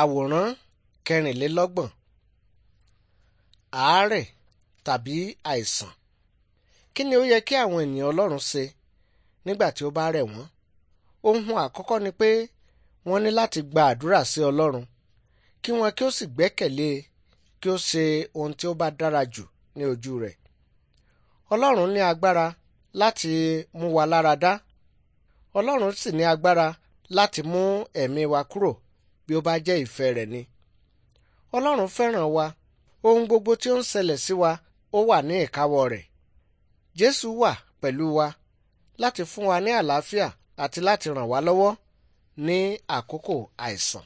àwòrán kẹrìnlélọ́gbọ̀n àárẹ̀ tàbí àìsàn kí ni ó yẹ kí àwọn ènìyàn ọlọ́run ṣe nígbà tí ó bá rẹ̀ wọ́n ohun àkọ́kọ́ ni pé wọ́n ní láti gba àdúrà sí ọlọ́run kí wọ́n kí ó sì gbẹ́kẹ̀lé e, kí ó ṣe ohun tí ó bá dára jù ní ojú rẹ̀ ọlọ́run ní agbára láti mú wa lára dá ọlọ́run sì ní agbára láti mú ẹ̀mí wa kúrò bí ó bá jẹ́ ìfẹ́ rẹ̀ ni. Ọlọ́run fẹ́ràn wa ohun gbogbo tí ó ń ṣẹlẹ̀ sí wa ó wà ní ìkáwọ́ rẹ̀. Jésù wà pẹ̀lú wa láti fún wa ní àlàáfíà àti láti ràn wá lọ́wọ́ ní àkókò àìsàn.